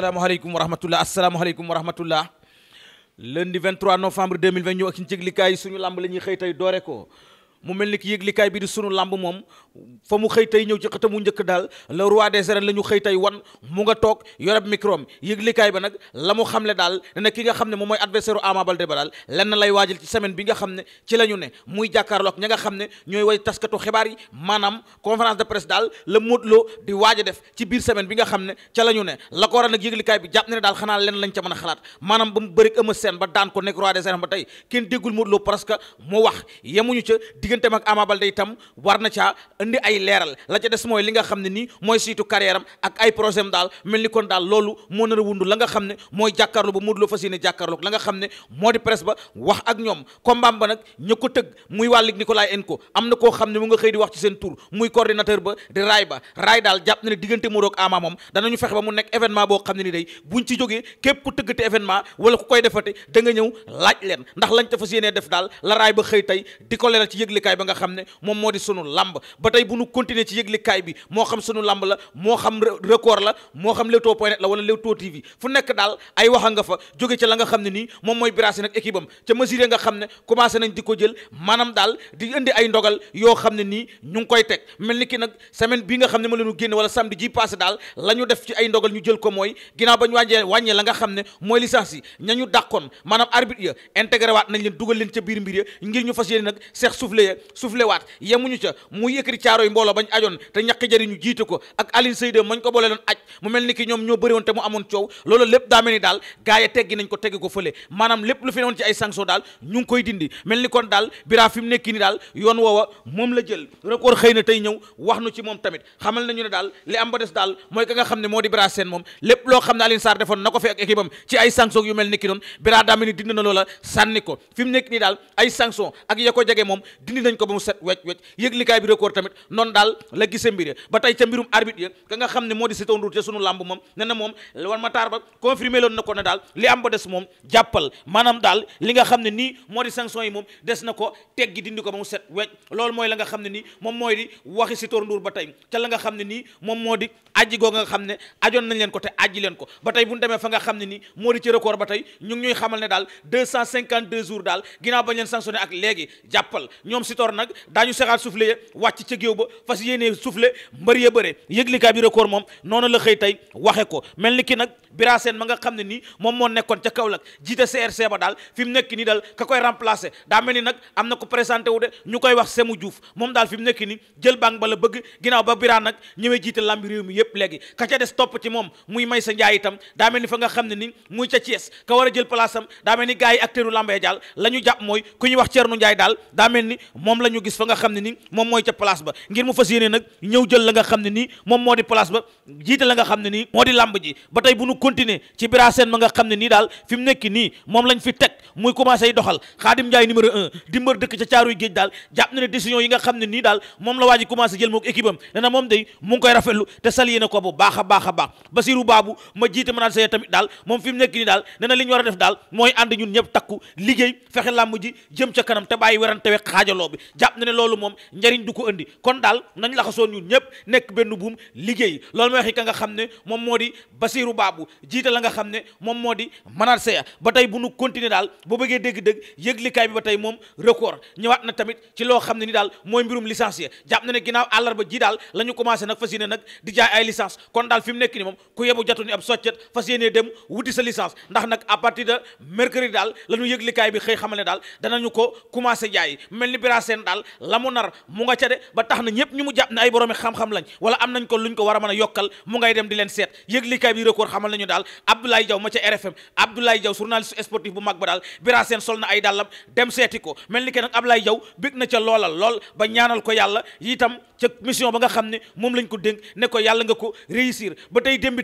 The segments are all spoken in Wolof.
asalaamaaleykum wa rahmatulah asalaamaaleykum wa rahmatulah lundi 23 novembre 2020 ñëw ak ci yëglikaay suñu lamb la ñuy xëy tey doore ko. mu mel ni ki yëglikaay bi di sunu lamb moom fa mu xëy tey ñëw ci xëtamu njëkk daal le roi des arènes la ñu xëy tey wan mu nga toog yoreb micro am yëglikaay ba nag la mu xamle daal dana ki nga xam ne moom mooy adversaire u Ama Baldé ba daal lenn lay semaine bi nga xam ne ci la ñu ne muy jàkkaarloog nga xam ne ñooy way taskatu xibaar yi maanaam conférence de presse daal la Modou di waaj a def ci biir semaine bi nga xam ne ca la ñu ne la ko waral nag yëglikaay bi jàpp ne daal xanaa lenn lañ ca mën a xalaat maanaam ba mu bërik Eumeu Sène ba daan ko nekk roi des arènes ba tey kenn déggul digganteem ak Ama la nga xam ne nii mooy siitu carrière am ak ay projet am moo la nga xam ne mooy jàkkaarloo ba Modou Lo fas yéene jàkkaarloo la nga xam ne moo di presse ba wax ak ñoom combat ba nag ña ko tëgg muy wàllig Nicolas Enko am na koo xam ne mu nga xëy di wax ci seen tur muy coordinateur ba di raay ba raay daal jàpp na ne diggante Modou ak Ama moom danañu fexe ba mu nekk événement boo xam ne ni day buñ ci jógee képp ku tëggate événement wala ku koy defate da nga ñëw laaj leen ndax lañ ta fas yéene def daal la raay ba xëy tey di ko leeral ci yëgle yëglikaay ba nga xam ne moom moo di sunu lamb ba tey bu nu continuer ci yëglikaay bi moo xam sunu lamb la moo xam record la moo xam Leewtoo point la wala TV fu nekk daal ay waxa nga fa jóge ca la nga xam ne nii moom mooy biraasi nag équipe ca mesure nga xam ne commencé nañ di ko jël maanaam daal di indi ay yoo xam ne nii ñu ngi koy teg mel ni ki nag semaine bi nga xam ne ma la ñu def ci ay ndogal ñu jël ko mooy ginnaaw ba ñu wàññee la nga xam ne mooy licence yi ñañu dàqoon maanaam arbitre ya intégré nañ leen dugal leen ca biir mbir ya ngir ñu fas yéene nag seex soufflé yee soufflé waat yemuñu ca mu yëkkati caaro yi mbooloo bañ ajoon te ñàkk jariñu jiite ko ak Aline Seyde mañ ko boole loon aj mu mel ni ki ñoom ñoo bëri woon te mu amoon coow loolu lépp daa ni daal gaa teggi nañ ko teggi ko fële maanaam lépp lu fi newoon ci ay sanction daal ñu koy dindi mel ni kon daal bira fi nekki ni daal yoon woowa moom la jël record xëy na tey ñëw wax nu ci moom tamit xamal nañu ne daal li am ba des daal mooy ka nga xam ne moo dindi nañ ko ba mu set wecc yëglikaay bi record tamit noonu daal la gisee mbir ya ba tey ca mbirum arbitre ya ka nga xam ne moo di Sitor Ndour ca sunu làmb moom ne moom war ma taar ba confirmé loon na ko ne daal li am ba des moom jàppal maanaam daal li nga xam ne nii moom des di waxi Sitor Ndour ba tey ca la nga xam ne nii moom moo di aji googu nga xam ne ajoon nañ leen ko te aji leen ko ba tey bu ñu demee fa nga xam ne nii moo di ci record ba tey ñu ñuy Sitor nag daañu sexaat soufflé ya wàcc ca géew ba fas yéenee soufflé mbër ya bëre yëglikaay bi record moom noonu la xëy tey waxe ko mel ni ki nag Bira Sène ma nga xam ne nii moom moo nekkoon ca Kaolack jiite CRC ba daal fi mu nekk nii daal ka koy remplacer daa mel ni nag am na ko présenté wu de ñu koy wax Semou Diouf moom daal fi mu nekk nii jël bang ba la bëgg ginnaaw ba Bira nag ñëwee jiite lambi réew mi yépp léegi ka ca des topp ci moom muy may sa njaay itam daa mel ni fa nga xam ne nii muy ca Thiès ka war a jël place am daa mel ni gars yi acteuru lambee daal la ñu jàpp mooy ku ñuy wax Thierno Ndiaye daal moom la ñu gis fa nga xam ne ni moom mooy ca place ba ngir mu fas yéene jël la nga xam ne nii moom moo di place ba jiite la nga xam ne nii moo di làmb ji ba tey bu nu continuer ci bira ma nga xam ne nii daal fi mu nekk nii moom lañ fi teg muy commencé y doxal Xaadim Njaay numéro un di dëkk ca caaruy géej daal jàpp na ne décision yi nga xam ne nii daal moom la waa ji commencé jël mook équipe am ne na moom day mu koy rafetlu te saliyé na ko bu baax a a daal moom fi mu nekk nii daal ne na li ñu a mooy ànd ñun ñëpp takku liggéey fexe làmb ji jëm ca kanam te we xaajal parparloo bi jàpp loolu moom njariñ du ko indi kon daal nañ laxasoo ñun ñëpp nekk benn buum liggéey loolu mooy waxi ka nga xam ne moom moo di Basiru Baabu jiite la nga xam ne moom moo di Manar Seye ba tey bu nu continuer daal boo bëggee dégg-dégg yëglikaay bi ba tey moom record ñëwaat na tamit ci loo xam ne ni daal mooy mbirum licencié jàpp na ne ginnaaw àllarba ji daal la ñu commencé nag fas yéene nag di jaay ay licence kon daal fi mu nekk ni moom ku yebu jatu ni ab dem wuti sa licence ndax nag à partir de mercredi daal la ñu yëglikaay bi xëy xamal ne daal danañu ko commencé ni Mira Sène daal la nar mu nga ca de ba tax na ñëpp ñu mu jàpp ne ay boroomi xam-xam lañ wala am nañ ko luñ ko war a a yokkal mu ngay dem di leen seet yëglikaay bi record xamal nañu daal Abdoulaye Diaw ma ca RFM Abdoulaye Diaw journaliste sportif bu mag ba daal Bira Sène sol na ay dàllam dem seeti ko mel ni ke nag Abdoulaye Diaw bég na ca loolal lool ba ñaanal ko yàlla itam ca mission ba nga xam ne moom lañ ko dénk ne ko yàlla nga ko réussir ba tey démb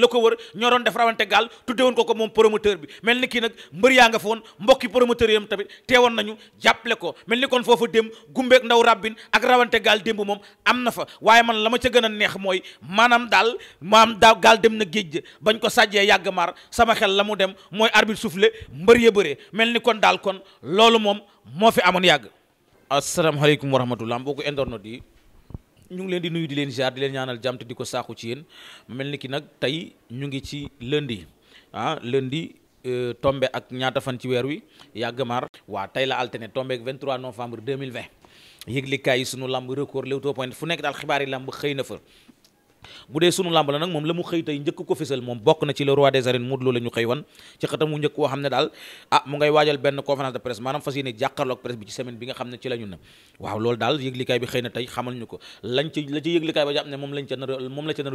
la ko wër ñoo def rawante gaal woon ko ko moom promoteur bi mel ni kii nag mbër yaa nga fa woon mbokki promoteur yam tamit teewoon nañu jàppale ko mel ni kon foofa démb gumbeek ndaw rabbin ak rawante gaal démb moom am na fa waaye man la ma ca gën a neex mooy maanaam daal maam daaw gaal dem na géej bañ ko sàjjee yàgg maar sama xel la mu dem mooy arbitre soufflé mbër ya bëree mel ni kon daal kon loolu moom moo fi amoon yàgg asalaamaaleykum wa rahmatullah ko internet yi ñu ngi leen di nuyu di leen ziar di leen ñaanal jàmm di ko saaku ci yéen mel ni ki nag tey ñu ngi ci lëndi ah lundi euh, tombe ak ñaata fan ci weer wi yàgg maar waa tey la alterné tombe ak 23 novembre 2020 yëglikaay yi sunu lamb record Leewtoo fu nekk daal xibaar yi lamb xëy na fa bu dee sunu làmb la nag moom la mu xëy tey njëkk ko fësal moom bokk na ci le roi des arènes Modou Lo la ñu xëy wan ci xëtamu njëkk woo ne daal ah mu ngay waajal benn conférence de presse maanaam fas yéene ne ci la ñu moom lañ ca nar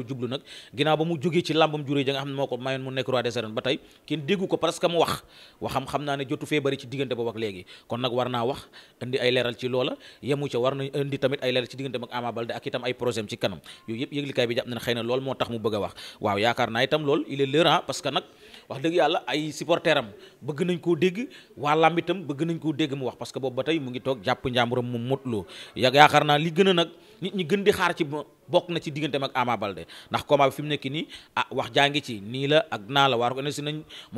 jublu nag ginnaaw ba mu jógee ci làmbam juré ja nga xam ne moo ko mayoon mu nekk roi des arènes ba tey kenn déggu ko parce mu wax waxam xam naa ne jotu fee ci diggante boobu ak léegi kon nag war bi jàpp na ne xëy na loolu moo tax mu bëgg a wax waaw yaakaar naa itam loolu il est parce que nag wax dëgg yàlla ay supporter bëgg nañ koo dégg waa làmb itam bëgg nañ koo dégg mu wax parce que boobu ba tey mu ngi toog jàpp njàmburam mu motloo yaakaar naa li gën a nag ñi gën di xaar ci bokk na ci digganteem ak Ama Baldé ndax combat bi fi mu nekk nii a ah, wax jaa ngi ci nii la ak naa la waar ko si nañ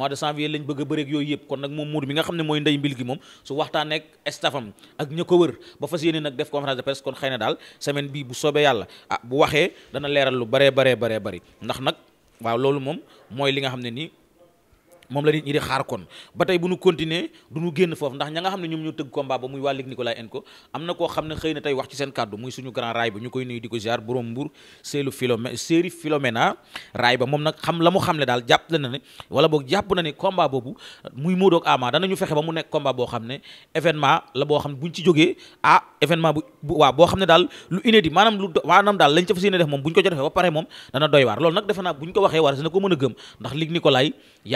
de janvier lañ bëgg a bëreeg yooyu yëpp kon nag moom Modou mi nga xam ne mooy ndey mbil gi moom su waxtaan ak staffam ak ña ko wër ba fas yéene nag def conférence de presse kon xëy na daal semaine bi bu soobee yàlla ah waxee dana leeral lu baree baree baree bëri ndax nag li nga xam ne nii moom la nit ñi di xaar kon ba tey bu ñu continuer du ñu génn foofu ndax ña nga xam ne ñoom ñoo tëgg combat ba muy waa Ligue Nicolas Enko am na koo xam ne xëy na tey wax ci seen kàddu muy suñu grand raay ba ñu koy nuyu di ko xam la mu xam le daal jàpp na ne wala boog jàpp na ne combat boobu muy Modou ak dana danañu fexe ba mu nekk combat boo xam ne événement la boo xam ne buñ ci jógee ah événement bu waaw boo xam ne daal lu inédit maanaam lu maanaam daal lañ ca fas yéene def moom buñ ko ca defee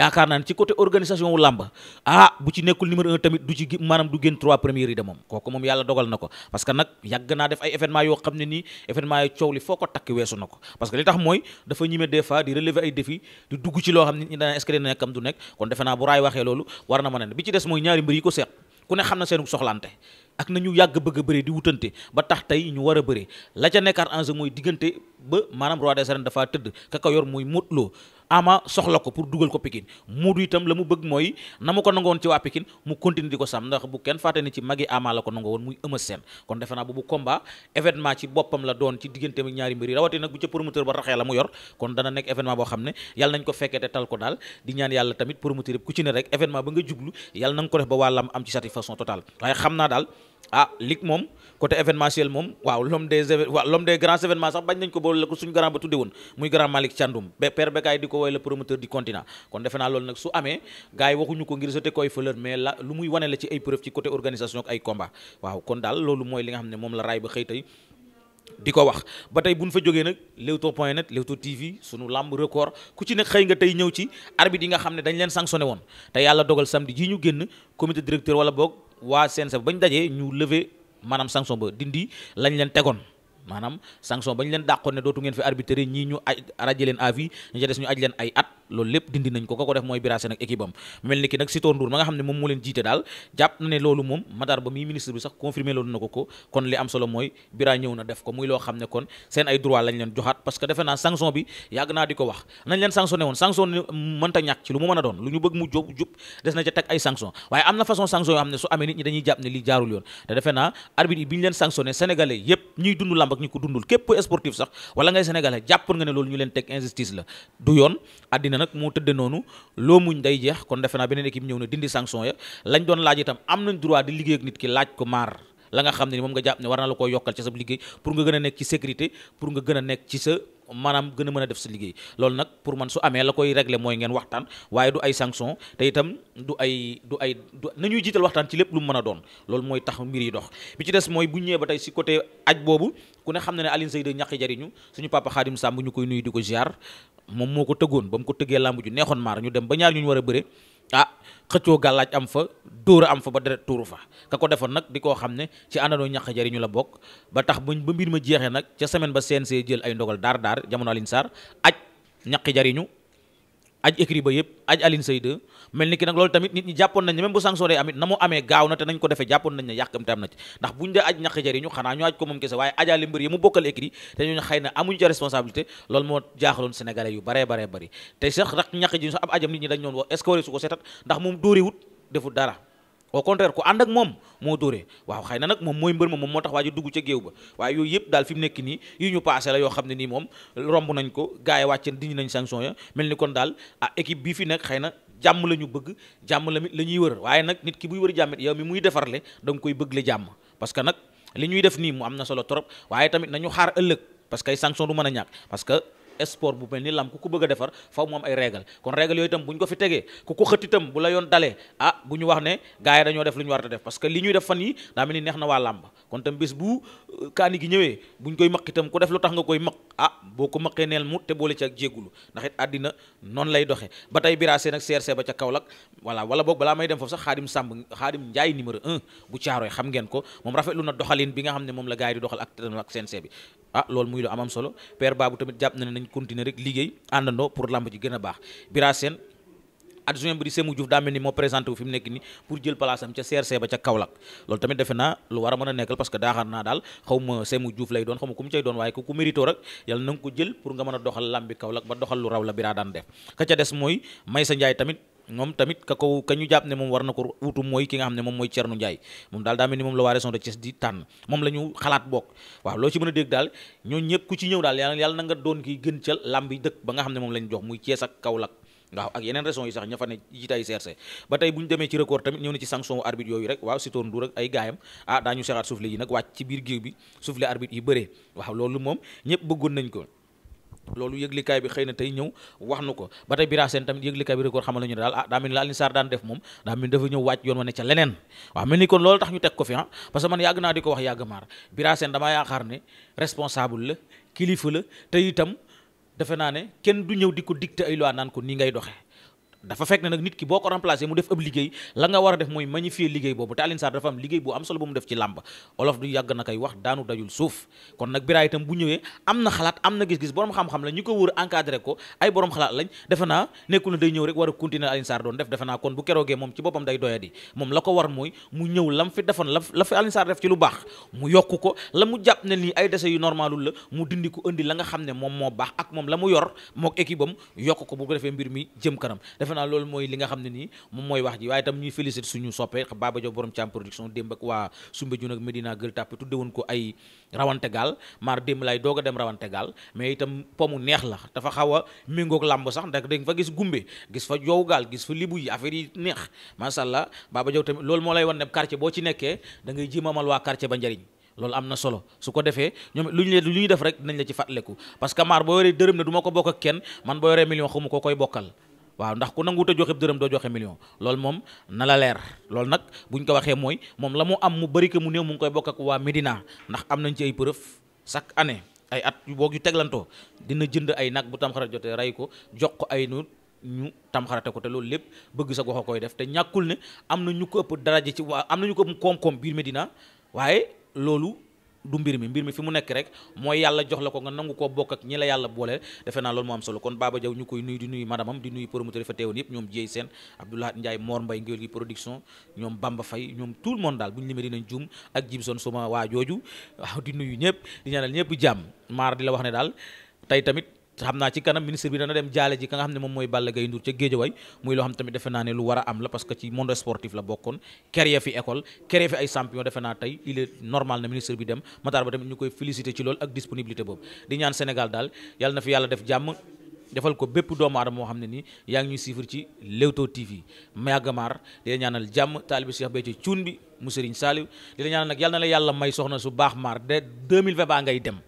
a ci côté organisation wu làmb ah bu ci nekkul numéro tamit du ci maanaam du génn trois premiers yi de moom kooku moom yàlla dogal na ko parce que nag yàgg naa def ay événement yoo xam ne nii événement yi coow li foo ko takk weesu na ko parce que li tax mooy dafa ñime des di relever ay défis di dugg ci loo xam ne dana est ce que nekkam du nekk kon defe naa bu raay waxee loolu war na mën a ne bi ci des mooy ñaari mbir yi ko seeq ku ne xam na seenu soxlante bëgg a bëre di wutante ba tax tey ñu war a bëre la ca nekkaat enjeu mooy diggante ba maanaam roi des dafa tëdd ka ko yor mooy Modou Lo ama soxla ko pour dugal ko Pikine Modou itam la mu bëgg mooy na mu ko nangoon ci waa Pikine mu continuer di ko sàmm ndax bu kenn fàtte ci magi ama la ko nango woon muy Eumeu Sène kon defe naa bu combat événement ci boppam la doon ci diggante ñaari mbir yi nag bu ca promoteur ba raxee la mu yor kon dana nekk événement boo xam ne yàlla nañ ko fekkee te tal daal di ñaan yàlla tamit promoteur yëpp ku ci ne rek événement ba nga jublu yàlla na ah lig moom côté événementiel moom waaw l'homme waaw l'homme des grands événements sax bañ nañ ko boole la ko suñu grand ba tudde woon muy grand Malick Thiandoum ba père Bekaay di ko woy le promoteur du continent kon defe naa loolu nag su amee gars waxuñu ko ngir jeté koy fleur mais la lu muy wane la ci ay preuve ci côté organisation ay combat waaw kon daal loolu mooy li nga xam ne moom la raay ba xëy tey di ko wax ba tey bu ñu fa jógee nag Leewtoo point net Leewtoo TV sunu làmb record ku ci nekk xëy nga tey ñëw ci arbitre yi nga xam ne dañ leen sanctionné woon te dogal samedi ji ñu génn comité directeur wala boog waa CNG bañ dajee ñu lever maanaam sanction ba dindi lañ leen tegoon maanaam sanction bañ leen dàqoon ne dootu ngeen fi arbitrer ñii ñu aj raje leen à vie ñu ca des ñu aj leen ay at loolu lépp dindi nañ ko ko ko def mooy Bira Sène ak équipe mel ni nag Sitor Ndour ma nga xam ne moom moo leen jiite daal jàpp na ne loolu moom Matar ñàkk ci lu mu mën a doon lu ñu bëgg mu jub des na ca teg ay sanction waaye am na façon sanction yoo xam ne su amee nit ñi dañuy jàpp ne li jaarul yoon te defe naa arbitre yi bi ñu leen sanctionné sénégalais yépp ñuy dund lamb ak ko dundul képp sportif sax wala ngay sénégalais jàpp nga ne loolu nag moo tëdde noonu loo muñ day jeex kon defe naa beneen équipe ñëw na dindi sanction ya lañ doon laaj itam am nañ droit di liggéey nit ki laaj ko maar la nga xam ne ni moom nga jàpp ne war na la koo yokkal ci sa liggéey pour nga gën a nekk ci sécurité pour nga gën a nekk ci sa maanaam gën a mën a def sa liggéey loolu nag pour man su amee la koy régler mooy ngeen waxtaan waaye du ay sanction te itam du ay du ay du nañuy jiital waxtaan ci lépp lu mu mën a doon loolu mooy tax mbir yi dox bi ci des mooy bu ñëwee ba tey si côté aj boobu ku ne xam ne ne Alioune Seye de ñàkk jariñu suñu papa Khadim Samb ñu koy nuyu di ko ziar moom moo ko tëggoon ba mu ko tëggee làmb ju neexoon maar ñu dem ba ñaar ñu war a bëre ah xëccoo gàllaaj am fa dóor am fa ba deret tuuru fa ka ko defoon nag di koo xam ne ci àndandoo ñàkk jariñu la bokk ba tax buñ ba mbir ma jeexee nag ca semaine ba seen see jël ay ndogal daar daar jamono Alioune Sarr aj ñàkk jariñu aj écrit ba yëpp aj Alioune Seye mel ni ki nag loolu tamit nit ñi jàppoon nañ ne même bu sanction day amit na mu amee gaaw na te nañ ko defee jàppoon nañ ne yàkkamte am na ci ndax buñ dee aj ñaq jariñu xanaa ñu aj ko moom kese waaye ajaale mbër yi mu bokkal écrit te ñooñu xëy na amuñu ca responsabilité loolu moo jaaxaloon sénégalais yu baree baree bëri te sax nag ñaq jariñu sax ab ajam nit ñi dañ ko seetat ndax moom moo dóoree waaw xëy na nag moom mooy mbër ma moom moo tax waa ji dugg ca géew ba waaye yooyu yëpp fi mu nekk nii yu xam ne nii moom romb nañ ko gars yi nañ sanction ya mel ni kon daal ah équipe bii fi nekk xëy na jàmm la ñu bëgg jàmm la la ñuy wër waaye nag nit ki buy wër jàmmit yow mi muy defarle da nga koy bëgg le jàmm parce que nag li ñuy def nii mu am na solo trop waaye tamit nañu xaar ëllëg parce que ay sanction du mën a ñàkk parce sport bu mel ni lam ku ko bëgg a defar faw mu am ay régal kon régal yooyu itam bu ñu ko fi tegee ku ko xët bu la yoon dalee ah bu ñu wax ne gars dañoo def lu ñu war a def parce que li ñuy def fan yi daa mel ni neex na waa làmb kon tam bis euh, ah bi nga xam ne moom la gars di doxal ak ak CNC bi ah loolu muy lu amam solo père Babou tamit jàpp na ne nañ continuer rek liggéey àndandoo pour lamb ji gën a baax Bira Sène adjoint bi di Sémou Diouf daa ni moo présenté wu fi nekk ni pour jël place ca CRC ba ca Kaolack loolu tamit defe naa lu war mën a nekkal parce que daaxaar naa daal xaw ma Sémou Diouf lay doon xaw ma ku cay doon waaye ku ku mérito rek yàlla na ko jël pour nga mën a doxal làmbi Kaolack ba doxal lu raw la Bira daan def ka ca des mooy Maysa Ndiaye tamit moom tamit ka ko ka ñu jàpp ne moom war na ko wutu mooy ki nga xam ne moom mooy Thierno Ndiaye moom daal daa mel ni moom la waa région de Thiès di tànn moom la ñu xalaat bokk waaw loo ci mën a dégg daal ñooñu ñëpp ku ci ñëw daal yàlla na nga doon ki gën ca làmbi dëkk ba nga xam ne moom lañ jox muy Thiès ak Kaolack waaw ak yeneen raison yi sax ña fa ne jitaay CRC ba tey bu ñu demee ci record tamit ñëw na ci sanction arbitre yooyu rek waaw Sitor Ndour ak ay gaayam ah daañu seexaat soufflé yi bi soufflé arbitre yi bëree moom ñëpp bëggoon nañ ko loolu yëglikaay bi xëy na tey ñëw wax nu ko ba tey Bira Sène tamit yëglikaay bi record xamal nañu daal ah daa mel ni la Alioune Sarr daan def moom daa mel ni dafa ñëw wàcc yoon wa ne ca leneen waaw mel ni kon loolu tax ñu teg ko fi ah parce que man yàgg naa di ko wax yàgg maar Bira Sène damaa yaakaar ne responsable la kilifa la tey itam defe naa ne kenn du ñëw di ko dicter ay loi naan ko ni ngay doxee dafa fekk ne nit ki boo ko remplacé mu def ab liggéey la nga war a def mooy fi liggéey boobu te Alioune Sarr dafa am liggéey bu am solo bu mu def ci làmb olof du yàgg na koy wax daanu dajul suuf kon nag Biraay tam bu ñëwee am na xalaat am na gis-gis borom xam-xam la ñu ko wër encadré ko ay borom xalaat lañ defe naa nekkul na day ñëw rek war a continuer Alioune Sarr doon def defe naa kon bu keroogee moom ci boppam day doyadi moom la ko war mooy mu ñëw lam fi defoon la la fi Alioune Sarr def lu baax mu yokk ko la mu jàpp ne nii ay dese yu normalul la mu dindi ko indi la xam ne moom moo baax ak la mu yor mook équipe am yokk ko bu ko defee mbir mi jëm kanam naa loolu mooy li nga xam ne nii moom mooy wax ji waaye itam ñuy féliciter suñu soppe Baba Diop borom Thiam production démb ak waa Soumbédioune ak Medina Gueule Tapée tudde woon ko ay rawante gaal maar démb laay doog dem rawante gaal mais itam pomu neex la dafa xaw a méngoog làmb sax ndax dañ fa gis gumbe gis fa joow gaal gis fa libu yi affaire yi neex macha allah Baba Diop tamit loolu moo lay wan ne quartier boo ci nekkee da ngay jimamal waa quartier ba am na solo su ko defee ñoom lu ñu lu ñuy def rek dinañ la ci fàttaliku parce que maar boo yoree dërëm ne du ko ko koy bokkal waaw ndax ku nanguwut a joxe dërëm doo joxe million loolu moom na la leer loolu nag buñ ko waxee mooy moom la mu am mu bëri que mu néew mu ngi koy bokk ak waa Medina ndax am nañ ci ay preuve chaque année ay at yu boog yu teglantoo dina jënd ay nag bu tamxarat jotee rey ko jox ko ay nu ñu tamxarate ko te loolu lépp bëgg sa gox a koy def te ñàkkul ne am na ñu ko ëpp daraja ci waa am na ñu ko ëpp koom-koom biir Medina waaye loolu. du mbir mi mbir mi fi mu nekk rek mooy yàlla jox la ko nga nangu koo bokk ak ñi la yàlla booleel defe naa loolu moo am solo kon Baba Diaw ñu koy nuyu di nuyu madamam di nuyu promoteur fa teewoon yëpp ñoom Dieye Sène Abdoulaye Ndiaye Mor Mbaye ngéwél production ñoom Bamba Faye ñoom tout le daal bu ñu limee dinañ juum ak Jimson suma waa jooju waaw di nuyu ñëpp di ñaanal ñëpp jàmm maar di la wax ne daal tey tamit xam naa ci kanam ministre bi dana dem jaale ji ka nga xam ne moom mooy Balla Gaye Ndour ca Géejawaay muy loo xam tamit defe naa ne lu war a am la parce que ci monde sportif la bokkoon créer fi école créer fi ay champion defe naa tey il est na ministre bi dem Matar Ba tamit ñu koy féliciter ci loolu ak disponibilité boobu di ñaan Sénégal daal yàlla na fi yàlla def jàmm defal ko bépp doomu moo xam ne nii yaa ngi ñuy suivre ci Leewtoo TV Magamar di la ñaanal jàmm taalibi Cheikh Béthio cuun bi na su baax maar de 2020 baa ngay dem